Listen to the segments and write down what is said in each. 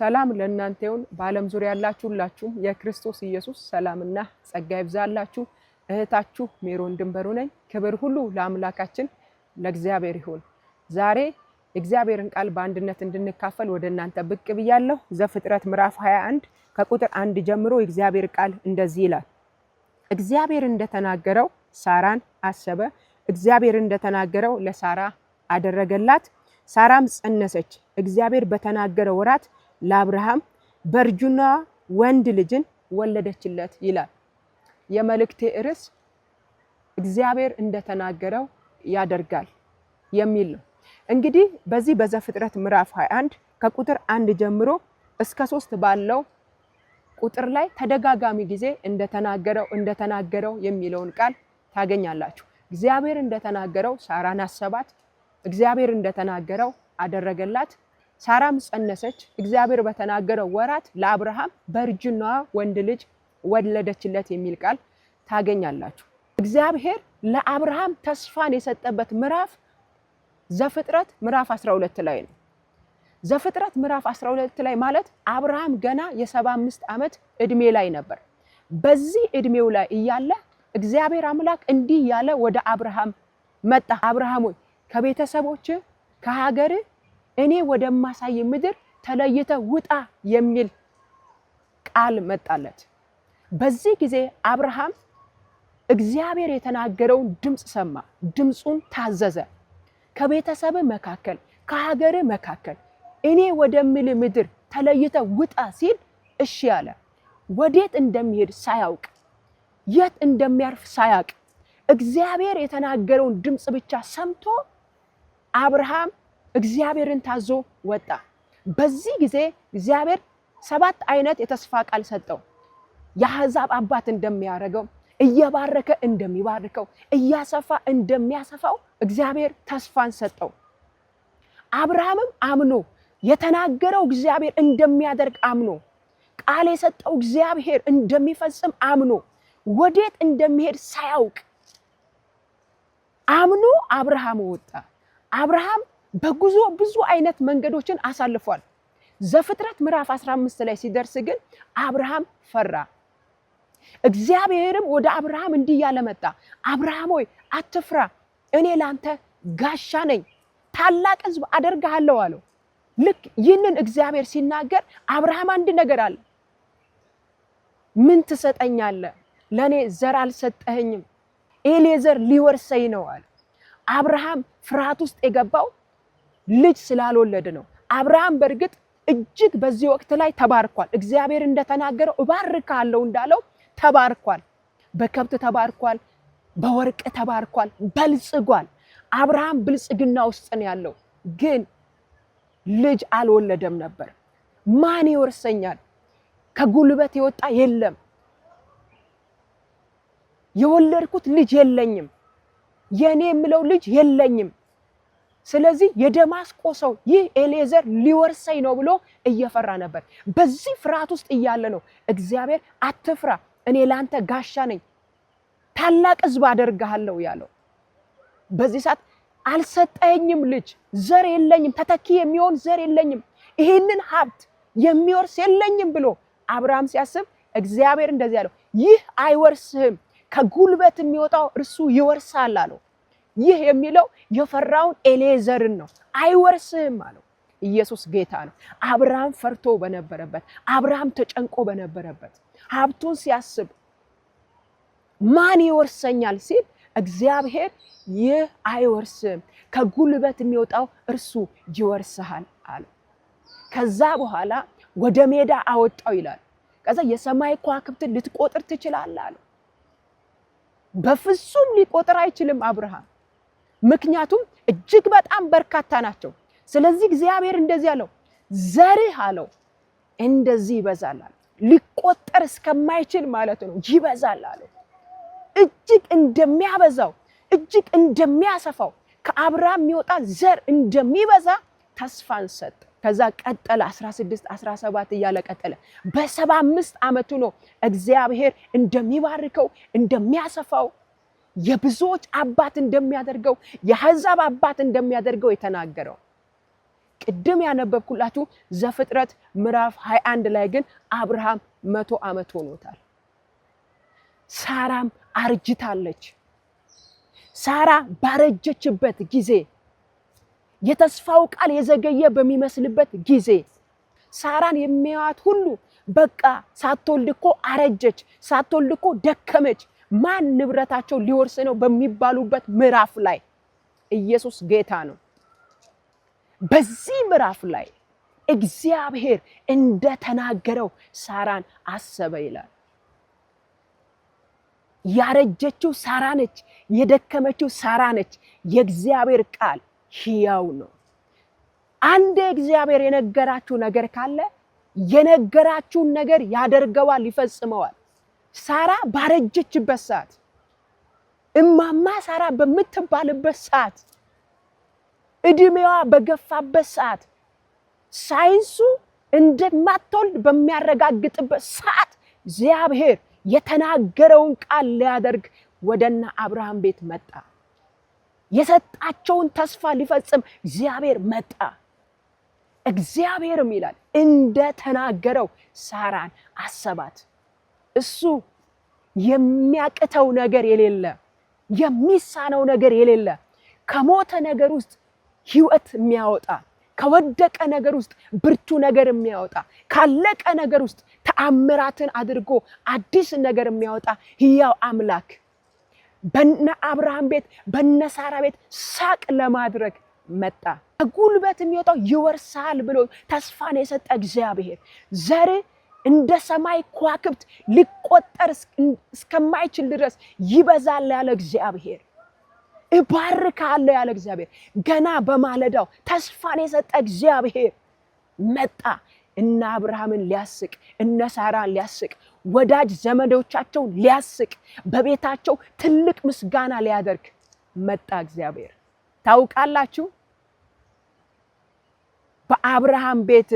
ሰላም ለእናንተ ይሁን። በዓለም ዙሪያ ያላችሁ ሁላችሁም የክርስቶስ ኢየሱስ ሰላምና ጸጋ ይብዛላችሁ። እህታችሁ ሜሮን ድንበሩ ነኝ። ክብር ሁሉ ለአምላካችን ለእግዚአብሔር ይሁን። ዛሬ እግዚአብሔርን ቃል በአንድነት እንድንካፈል ወደ እናንተ ብቅ ብያለሁ። ዘፍጥረት ምዕራፍ 21 ከቁጥር አንድ ጀምሮ የእግዚአብሔር ቃል እንደዚህ ይላል። እግዚአብሔር እንደተናገረው ሳራን አሰበ፣ እግዚአብሔር እንደተናገረው ለሳራ አደረገላት። ሳራም ጸነሰች፣ እግዚአብሔር በተናገረ ወራት ለአብርሃም በእርጁና ወንድ ልጅን ወለደችለት ይላል። የመልእክቴ ርዕስ እግዚአብሔር እንደተናገረው ያደርጋል የሚል ነው። እንግዲህ በዚህ በዘፍጥረት ምዕራፍ 21 ከቁጥር አንድ ጀምሮ እስከ ሶስት ባለው ቁጥር ላይ ተደጋጋሚ ጊዜ እንደተናገረው እንደተናገረው የሚለውን ቃል ታገኛላችሁ። እግዚአብሔር እንደተናገረው ሳራን አሰባት፣ እግዚአብሔር እንደተናገረው አደረገላት። ሳራም ጸነሰች፣ እግዚአብሔር በተናገረው ወራት ለአብርሃም በእርጅናዋ ወንድ ልጅ ወለደችለት የሚል ቃል ታገኛላችሁ። እግዚአብሔር ለአብርሃም ተስፋን የሰጠበት ምዕራፍ ዘፍጥረት ምዕራፍ 12 ላይ ነው። ዘፍጥረት ምዕራፍ 12 ላይ ማለት አብርሃም ገና የ75 ዓመት እድሜ ላይ ነበር። በዚህ እድሜው ላይ እያለ እግዚአብሔር አምላክ እንዲህ ያለ ወደ አብርሃም መጣ። አብርሃም ሆይ ከቤተሰቦች ከሀገር እኔ ወደማሳይ ምድር ተለይተ ውጣ የሚል ቃል መጣለት። በዚህ ጊዜ አብርሃም እግዚአብሔር የተናገረውን ድምፅ ሰማ፣ ድምፁን ታዘዘ። ከቤተሰብ መካከል ከሀገር መካከል እኔ ወደምል ምድር ተለይተ ውጣ ሲል እሺ አለ። ወዴት እንደሚሄድ ሳያውቅ የት እንደሚያርፍ ሳያውቅ እግዚአብሔር የተናገረውን ድምፅ ብቻ ሰምቶ አብርሃም እግዚአብሔርን ታዞ ወጣ። በዚህ ጊዜ እግዚአብሔር ሰባት አይነት የተስፋ ቃል ሰጠው። የአሕዛብ አባት እንደሚያደርገው እየባረከ እንደሚባርከው እያሰፋ እንደሚያሰፋው እግዚአብሔር ተስፋን ሰጠው። አብርሃምም አምኖ የተናገረው እግዚአብሔር እንደሚያደርግ አምኖ ቃል የሰጠው እግዚአብሔር እንደሚፈጽም አምኖ ወዴት እንደሚሄድ ሳያውቅ አምኖ አብርሃም ወጣ። አብርሃም በጉዞ ብዙ አይነት መንገዶችን አሳልፏል። ዘፍጥረት ምዕራፍ 15 ላይ ሲደርስ ግን አብርሃም ፈራ። እግዚአብሔርም ወደ አብርሃም እንዲህ ያለ መጣ፣ አብርሃም ሆይ አትፍራ፣ እኔ ላንተ ጋሻ ነኝ፣ ታላቅ ሕዝብ አደርግሃለሁ አለው። ልክ ይህንን እግዚአብሔር ሲናገር አብርሃም አንድ ነገር አለ። ምን ትሰጠኛለ? ለእኔ ዘር አልሰጠኸኝም፣ ኤሌዘር ሊወርሰኝ ነው አለ። አብርሃም ፍርሃት ውስጥ የገባው ልጅ ስላልወለድ ነው። አብርሃም በእርግጥ እጅግ በዚህ ወቅት ላይ ተባርኳል። እግዚአብሔር እንደተናገረው እባርካለሁ እንዳለው ተባርኳል። በከብት ተባርኳል፣ በወርቅ ተባርኳል፣ በልጽጓል። አብርሃም ብልጽግና ውስጥ ነው ያለው፣ ግን ልጅ አልወለደም ነበር። ማን ይወርሰኛል? ከጉልበት የወጣ የለም፣ የወለድኩት ልጅ የለኝም፣ የእኔ የምለው ልጅ የለኝም ስለዚህ የደማስቆ ሰው ይህ ኤሌዘር ሊወርሰኝ ነው ብሎ እየፈራ ነበር። በዚህ ፍርሃት ውስጥ እያለ ነው እግዚአብሔር አትፍራ፣ እኔ ለአንተ ጋሻ ነኝ፣ ታላቅ ህዝብ አደርግሃለሁ ያለው። በዚህ ሰዓት አልሰጠኝም፣ ልጅ ዘር የለኝም፣ ተተኪ የሚሆን ዘር የለኝም፣ ይህንን ሀብት የሚወርስ የለኝም ብሎ አብርሃም ሲያስብ እግዚአብሔር እንደዚህ አለው፣ ይህ አይወርስህም፣ ከጉልበት የሚወጣው እርሱ ይወርሳል አለው። ይህ የሚለው የፈራውን ኤሌዘርን ነው። አይወርስህም አለው። ኢየሱስ ጌታ ነው። አብርሃም ፈርቶ በነበረበት፣ አብርሃም ተጨንቆ በነበረበት ሀብቱን ሲያስብ ማን ይወርሰኛል ሲል እግዚአብሔር ይህ አይወርስም፣ ከጉልበት የሚወጣው እርሱ ይወርስሃል አለ። ከዛ በኋላ ወደ ሜዳ አወጣው ይላል። ከዛ የሰማይ ከዋክብትን ልትቆጥር ትችላለህ አለ። በፍጹም ሊቆጥር አይችልም አብርሃም ምክንያቱም እጅግ በጣም በርካታ ናቸው። ስለዚህ እግዚአብሔር እንደዚህ አለው፣ ዘርህ አለው እንደዚህ ይበዛል አለ። ሊቆጠር እስከማይችል ማለት ነው ይበዛል አለ። እጅግ እንደሚያበዛው እጅግ እንደሚያሰፋው ከአብርሃም የሚወጣ ዘር እንደሚበዛ ተስፋን ሰጥ ከዛ ቀጠለ 16 17 እያለ ቀጠለ። በሰባ አምስት ዓመቱ ነው እግዚአብሔር እንደሚባርከው እንደሚያሰፋው የብዙዎች አባት እንደሚያደርገው የአሕዛብ አባት እንደሚያደርገው የተናገረው ቅድም ያነበብኩላችሁ ዘፍጥረት ምዕራፍ 21 ላይ ግን አብርሃም መቶ ዓመት ሆኖታል። ሳራም አርጅታለች። ሳራ ባረጀችበት ጊዜ የተስፋው ቃል የዘገየ በሚመስልበት ጊዜ ሳራን የሚያዋት ሁሉ በቃ ሳትወልድ እኮ አረጀች፣ ሳትወልድ እኮ ደከመች፣ ማን ንብረታቸው ሊወርስ ነው በሚባሉበት ምዕራፍ ላይ ኢየሱስ ጌታ ነው። በዚህ ምዕራፍ ላይ እግዚአብሔር እንደተናገረው ሳራን አሰበ ይላል። ያረጀችው ሳራ ነች። የደከመችው ሳራ ነች። የእግዚአብሔር ቃል ሕያው ነው። አንድ እግዚአብሔር የነገራችሁ ነገር ካለ የነገራችሁን ነገር ያደርገዋል፣ ይፈጽመዋል። ሳራ ባረጀችበት ሰዓት፣ እማማ ሳራ በምትባልበት ሰዓት፣ እድሜዋ በገፋበት ሰዓት፣ ሳይንሱ እንደማትወልድ በሚያረጋግጥበት ሰዓት እግዚአብሔር የተናገረውን ቃል ሊያደርግ ወደና አብርሃም ቤት መጣ። የሰጣቸውን ተስፋ ሊፈጽም እግዚአብሔር መጣ። እግዚአብሔርም ይላል እንደተናገረው ሳራን አሰባት። እሱ የሚያቅተው ነገር የሌለ የሚሳነው ነገር የሌለ ከሞተ ነገር ውስጥ ህይወት የሚያወጣ ከወደቀ ነገር ውስጥ ብርቱ ነገር የሚያወጣ ካለቀ ነገር ውስጥ ተአምራትን አድርጎ አዲስ ነገር የሚያወጣ ህያው አምላክ በነ አብርሃም ቤት በነ ሳራ ቤት ሳቅ ለማድረግ መጣ። ከጉልበት የሚወጣው ይወርሳል ብሎ ተስፋን የሰጠ እግዚአብሔር ዘር እንደ ሰማይ ከዋክብት ሊቆጠር እስከማይችል ድረስ ይበዛል ያለ እግዚአብሔር እባርካለሁ ያለ እግዚአብሔር ገና በማለዳው ተስፋን የሰጠ እግዚአብሔር መጣ እነ አብርሃምን ሊያስቅ እነ ሳራን ሊያስቅ ወዳጅ ዘመዶቻቸውን ሊያስቅ በቤታቸው ትልቅ ምስጋና ሊያደርግ መጣ እግዚአብሔር። ታውቃላችሁ በአብርሃም ቤት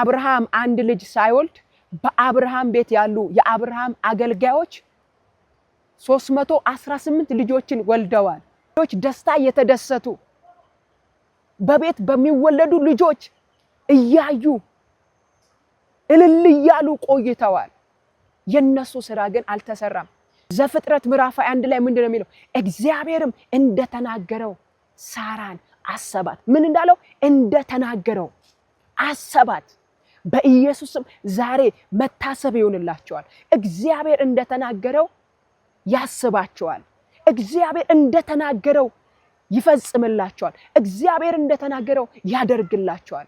አብርሃም አንድ ልጅ ሳይወልድ በአብርሃም ቤት ያሉ የአብርሃም አገልጋዮች 318 ልጆችን ወልደዋል። ልጆች ደስታ እየተደሰቱ በቤት በሚወለዱ ልጆች እያዩ እልል እያሉ ቆይተዋል። የነሱ ስራ ግን አልተሰራም። ዘፍጥረት ምዕራፍ አንድ ላይ ምንድን ነው የሚለው? እግዚአብሔርም እንደተናገረው ሳራን አሰባት። ምን እንዳለው? እንደተናገረው አሰባት። በኢየሱስም ዛሬ መታሰብ ይሆንላቸዋል። እግዚአብሔር እንደተናገረው ያስባቸዋል። እግዚአብሔር እንደተናገረው ይፈጽምላቸዋል። እግዚአብሔር እንደተናገረው ያደርግላቸዋል።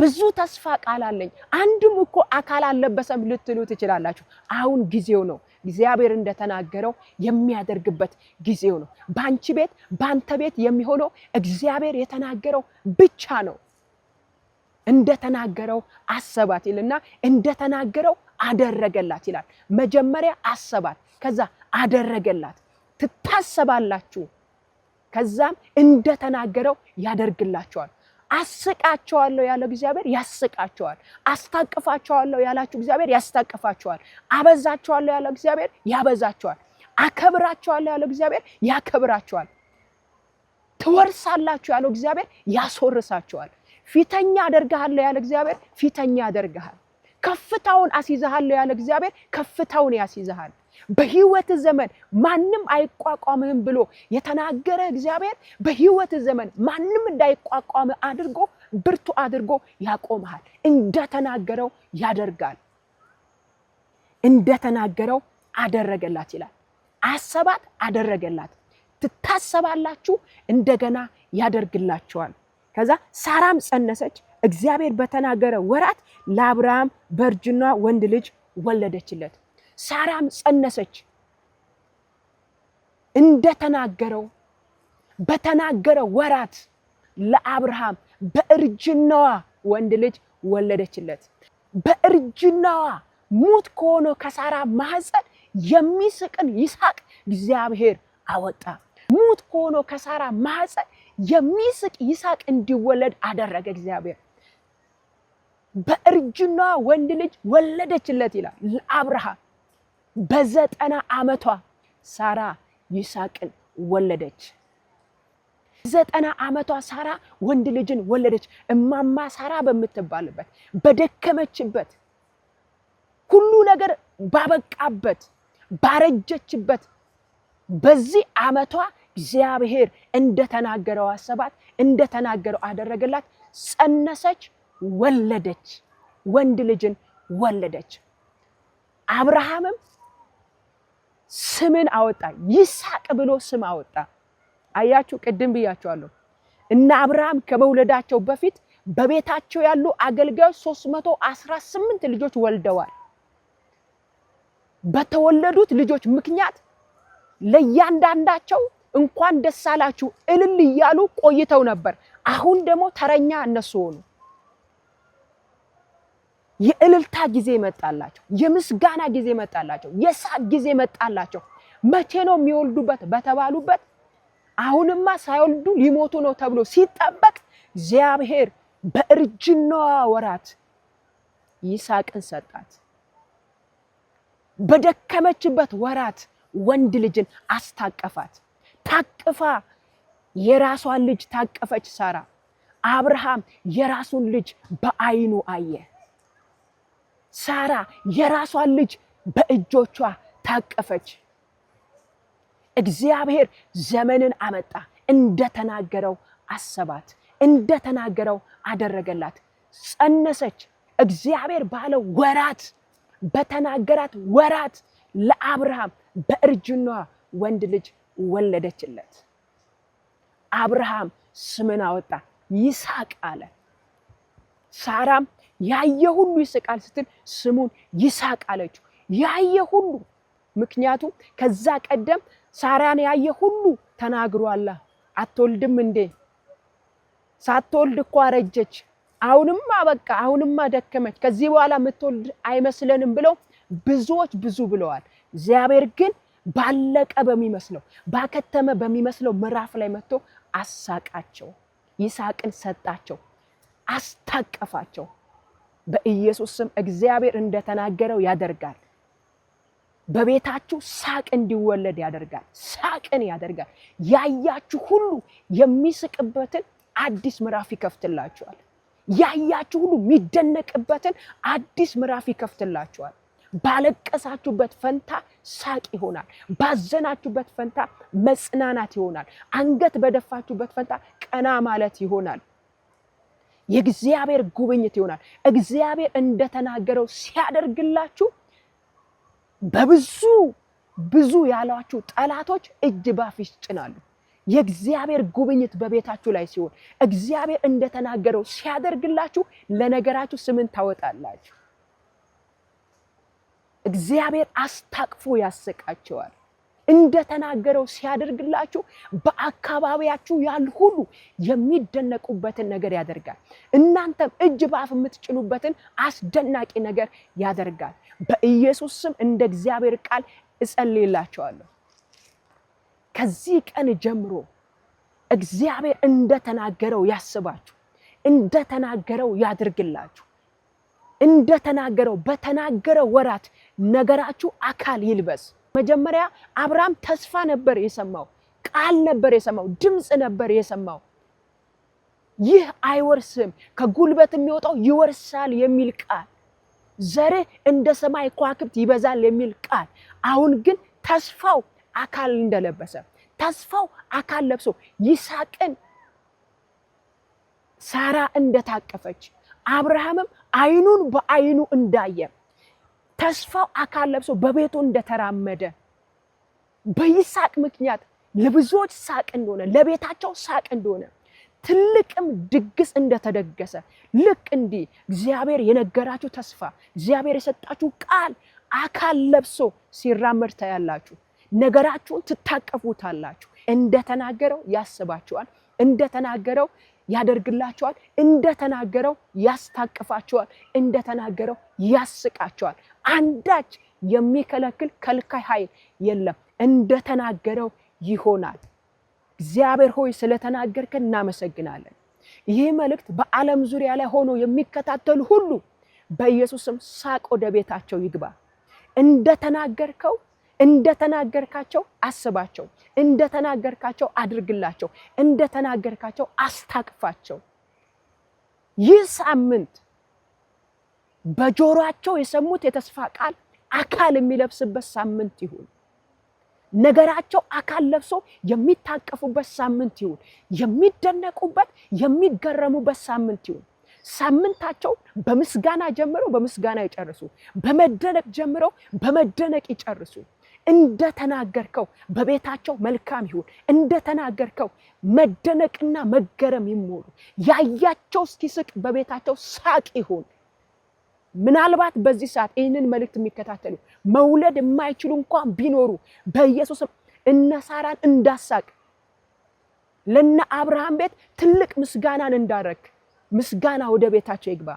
ብዙ ተስፋ ቃል አለኝ፣ አንድም እኮ አካል አለበሰም ልትሉ ትችላላችሁ። አሁን ጊዜው ነው። እግዚአብሔር እንደተናገረው የሚያደርግበት ጊዜው ነው። በአንቺ ቤት፣ በአንተ ቤት የሚሆነው እግዚአብሔር የተናገረው ብቻ ነው። እንደተናገረው አሰባት ይልና እንደተናገረው አደረገላት ይላል። መጀመሪያ አሰባት፣ ከዛ አደረገላት። ትታሰባላችሁ፣ ከዛም እንደተናገረው ያደርግላቸዋል። አስቃቸዋለሁ ያለው እግዚአብሔር ያስቃቸዋል። አስታቅፋቸዋለሁ ያላችሁ እግዚአብሔር ያስታቅፋቸዋል። አበዛቸዋለሁ ያለው እግዚአብሔር ያበዛቸዋል። አከብራቸዋለሁ ያለው እግዚአብሔር ያከብራቸዋል። ትወርሳላችሁ ያለው እግዚአብሔር ያስወርሳቸዋል። ፊተኛ አደርግሃለሁ ያለ እግዚአብሔር ፊተኛ ያደርግሃል። ከፍታውን አስይዝሃለሁ ያለ እግዚአብሔር ከፍታውን ያስይዝሃል። በህይወት ዘመን ማንም አይቋቋምህም ብሎ የተናገረ እግዚአብሔር በህይወት ዘመን ማንም እንዳይቋቋም አድርጎ ብርቱ አድርጎ ያቆምሃል። እንደተናገረው ያደርጋል። እንደተናገረው አደረገላት ይላል። አሰባት፣ አደረገላት። ትታሰባላችሁ፣ እንደገና ያደርግላችኋል። ከዛ ሳራም ጸነሰች፣ እግዚአብሔር በተናገረ ወራት ለአብርሃም በእርጅና ወንድ ልጅ ወለደችለት። ሳራም ጸነሰች እንደተናገረው በተናገረ ወራት ለአብርሃም በእርጅናዋ ወንድ ልጅ ወለደችለት። በእርጅናዋ ሙት ከሆነ ከሳራ ማህፀን የሚስቅን ይስሐቅ እግዚአብሔር አወጣ። ሙት ከሆኖ ከሳራ ማህፀን የሚስቅ ይስሐቅ እንዲወለድ አደረገ እግዚአብሔር። በእርጅና ወንድ ልጅ ወለደችለት ይላል ለአብርሃም። በዘጠና ዓመቷ ሳራ ይስሐቅን ወለደች። ዘጠና ዓመቷ ሳራ ወንድ ልጅን ወለደች። እማማ ሳራ በምትባልበት በደከመችበት ሁሉ ነገር ባበቃበት ባረጀችበት በዚህ ዓመቷ እግዚአብሔር እንደተናገረው አሰባት፣ እንደተናገረው አደረገላት። ጸነሰች፣ ወለደች፣ ወንድ ልጅን ወለደች። አብርሃምም ስምን አወጣ፣ ይስሐቅ ብሎ ስም አወጣ። አያችሁ፣ ቅድም ብያችኋለሁ። እነ አብርሃም ከመውለዳቸው በፊት በቤታቸው ያሉ አገልጋዮች 318 ልጆች ወልደዋል። በተወለዱት ልጆች ምክንያት ለእያንዳንዳቸው እንኳን ደስ አላችሁ እልል እያሉ ቆይተው ነበር። አሁን ደግሞ ተረኛ እነሱ ሆኑ። የእልልታ ጊዜ መጣላቸው፣ የምስጋና ጊዜ መጣላቸው፣ የሳቅ ጊዜ መጣላቸው። መቼ ነው የሚወልዱበት በተባሉበት አሁንማ ሳይወልዱ ሊሞቱ ነው ተብሎ ሲጠበቅ እግዚአብሔር በእርጅናዋ ወራት ይስሐቅን ሰጣት። በደከመችበት ወራት ወንድ ልጅን አስታቀፋት። ታቅፋ የራሷን ልጅ ታቀፈች ሳራ። አብርሃም የራሱን ልጅ በአይኑ አየ። ሳራ የራሷን ልጅ በእጆቿ ታቀፈች። እግዚአብሔር ዘመንን አመጣ፣ እንደተናገረው አሰባት፣ እንደተናገረው አደረገላት። ጸነሰች። እግዚአብሔር ባለው ወራት በተናገራት ወራት ለአብርሃም በእርጅኗ ወንድ ልጅ ወለደችለት። አብርሃም ስምን አወጣ ይስሐቅ አለ። ሳራም ያየ ሁሉ ይስቃል ስትል ስሙን ይስሐቅ አለችው። ያየ ሁሉ ምክንያቱም ከዛ ቀደም ሳራን ያየ ሁሉ ተናግሯላ። አትወልድም እንዴ? ሳትወልድ እኮ አረጀች። አሁንማ በቃ አሁንማ ደከመች። ከዚህ በኋላ የምትወልድ አይመስለንም ብለው ብዙዎች ብዙ ብለዋል። እግዚአብሔር ግን ባለቀ በሚመስለው ባከተመ በሚመስለው ምዕራፍ ላይ መጥቶ አሳቃቸው። ይሳቅን ሰጣቸው፣ አስታቀፋቸው። በኢየሱስ ስም እግዚአብሔር እንደተናገረው ያደርጋል። በቤታችሁ ሳቅ እንዲወለድ ያደርጋል። ሳቅን ያደርጋል። ያያችሁ ሁሉ የሚስቅበትን አዲስ ምዕራፍ ይከፍትላችኋል። ያያችሁ ሁሉ የሚደነቅበትን አዲስ ምዕራፍ ይከፍትላችኋል። ባለቀሳችሁበት ፈንታ ሳቅ ይሆናል። ባዘናችሁበት ፈንታ መጽናናት ይሆናል። አንገት በደፋችሁበት ፈንታ ቀና ማለት ይሆናል። የእግዚአብሔር ጉብኝት ይሆናል። እግዚአብሔር እንደተናገረው ሲያደርግላችሁ በብዙ ብዙ ያሏችሁ ጠላቶች እጅ ባፍ ይጭናሉ። የእግዚአብሔር ጉብኝት በቤታችሁ ላይ ሲሆን እግዚአብሔር እንደተናገረው ሲያደርግላችሁ ለነገራችሁ ስምን ታወጣላችሁ። እግዚአብሔር አስታቅፎ ያሰቃቸዋል። እንደተናገረው ሲያደርግላችሁ በአካባቢያችሁ ያሉ ሁሉ የሚደነቁበትን ነገር ያደርጋል። እናንተም እጅ በአፍ የምትጭኑበትን አስደናቂ ነገር ያደርጋል። በኢየሱስ ስም እንደ እግዚአብሔር ቃል እጸልይላቸዋለሁ። ከዚህ ቀን ጀምሮ እግዚአብሔር እንደተናገረው ያስባችሁ፣ እንደተናገረው ያድርግላችሁ። እንደተናገረው በተናገረ ወራት ነገራችሁ አካል ይልበስ። መጀመሪያ አብርሃም ተስፋ ነበር የሰማው፣ ቃል ነበር የሰማው፣ ድምፅ ነበር የሰማው። ይህ አይወርስም ከጉልበት የሚወጣው ይወርሳል የሚል ቃል፣ ዘርህ እንደ ሰማይ ከዋክብት ይበዛል የሚል ቃል። አሁን ግን ተስፋው አካል እንደለበሰ ተስፋው አካል ለብሶ ይስሐቅን ሳራ እንደታቀፈች አብርሃምም አይኑን በአይኑ እንዳየ ተስፋው አካል ለብሶ በቤቱ እንደተራመደ በይሳቅ ምክንያት ለብዙዎች ሳቅ እንደሆነ ለቤታቸው ሳቅ እንደሆነ ትልቅም ድግስ እንደተደገሰ ልክ እንዲህ እግዚአብሔር የነገራችሁ ተስፋ እግዚአብሔር የሰጣችሁ ቃል አካል ለብሶ ሲራመድ ታያላችሁ። ነገራችሁን ትታቀፉታላችሁ። እንደተናገረው ያስባችኋል። እንደተናገረው ያደርግላቸዋል። እንደተናገረው ያስታቅፋቸዋል። እንደተናገረው ያስቃቸዋል። አንዳች የሚከለክል ከልካይ ኃይል የለም። እንደተናገረው ይሆናል። እግዚአብሔር ሆይ ስለተናገርከን እናመሰግናለን። ይህ መልእክት በዓለም ዙሪያ ላይ ሆኖ የሚከታተሉ ሁሉ በኢየሱስም ሳቅ ወደ ቤታቸው ይግባ እንደተናገርከው እንደተናገርካቸው አስባቸው፣ እንደተናገርካቸው አድርግላቸው፣ እንደተናገርካቸው አስታቅፋቸው። ይህ ሳምንት በጆሯቸው የሰሙት የተስፋ ቃል አካል የሚለብስበት ሳምንት ይሁን። ነገራቸው አካል ለብሶ የሚታቀፉበት ሳምንት ይሁን። የሚደነቁበት የሚገረሙበት ሳምንት ይሁን። ሳምንታቸው በምስጋና ጀምረው በምስጋና ይጨርሱ። በመደነቅ ጀምረው በመደነቅ ይጨርሱ። እንደተናገርከው በቤታቸው መልካም ይሁን። እንደተናገርከው መደነቅና መገረም ይሞሉ። ያያቸው እስኪስቅ በቤታቸው ሳቅ ይሁን። ምናልባት በዚህ ሰዓት ይህንን መልእክት የሚከታተሉ መውለድ የማይችሉ እንኳን ቢኖሩ በኢየሱስ እነ ሳራን እንዳሳቅ ለነ አብርሃም ቤት ትልቅ ምስጋናን እንዳረክ ምስጋና ወደ ቤታቸው ይግባ።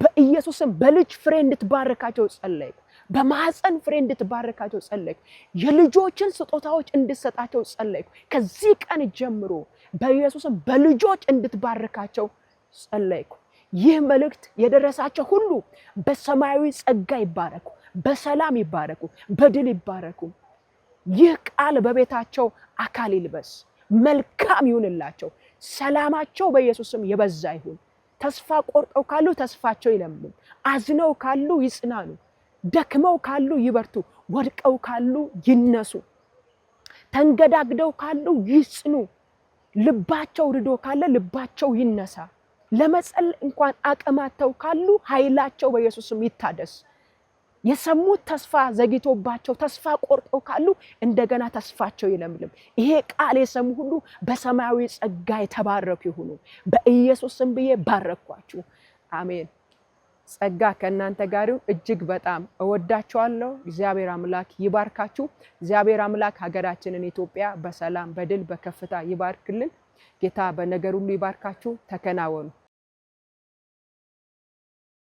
በኢየሱስም በልጅ ፍሬ እንድትባረካቸው ጸለይኩ። በማህፀን ፍሬ እንድትባረካቸው ጸለይኩ። የልጆችን ስጦታዎች እንድትሰጣቸው ጸለይኩ። ከዚህ ቀን ጀምሮ በኢየሱስም በልጆች እንድትባረካቸው ጸለይኩ። ይህ መልእክት የደረሳቸው ሁሉ በሰማያዊ ጸጋ ይባረኩ፣ በሰላም ይባረኩ፣ በድል ይባረኩ። ይህ ቃል በቤታቸው አካል ይልበስ፣ መልካም ይሁንላቸው። ሰላማቸው በኢየሱስም የበዛ ይሁን። ተስፋ ቆርጠው ካሉ ተስፋቸው ይለምልም። አዝነው ካሉ ይጽናኑ። ደክመው ካሉ ይበርቱ፣ ወድቀው ካሉ ይነሱ፣ ተንገዳግደው ካሉ ይጽኑ፣ ልባቸው ርዶ ካለ ልባቸው ይነሳ። ለመጸል እንኳን አቅማተው ካሉ ኃይላቸው በኢየሱስም ይታደስ። የሰሙት ተስፋ ዘግይቶባቸው ተስፋ ቆርጠው ካሉ እንደገና ተስፋቸው ይለምልም። ይሄ ቃል የሰሙ ሁሉ በሰማያዊ ጸጋ የተባረኩ ይሁኑ። በኢየሱስም ብዬ ባረኳችሁ። አሜን። ጸጋ ከእናንተ ጋር ይሁን። እጅግ በጣም እወዳችኋለሁ። እግዚአብሔር አምላክ ይባርካችሁ። እግዚአብሔር አምላክ ሀገራችንን ኢትዮጵያ በሰላም በድል በከፍታ ይባርክልን። ጌታ በነገር ሁሉ ይባርካችሁ። ተከናወኑ።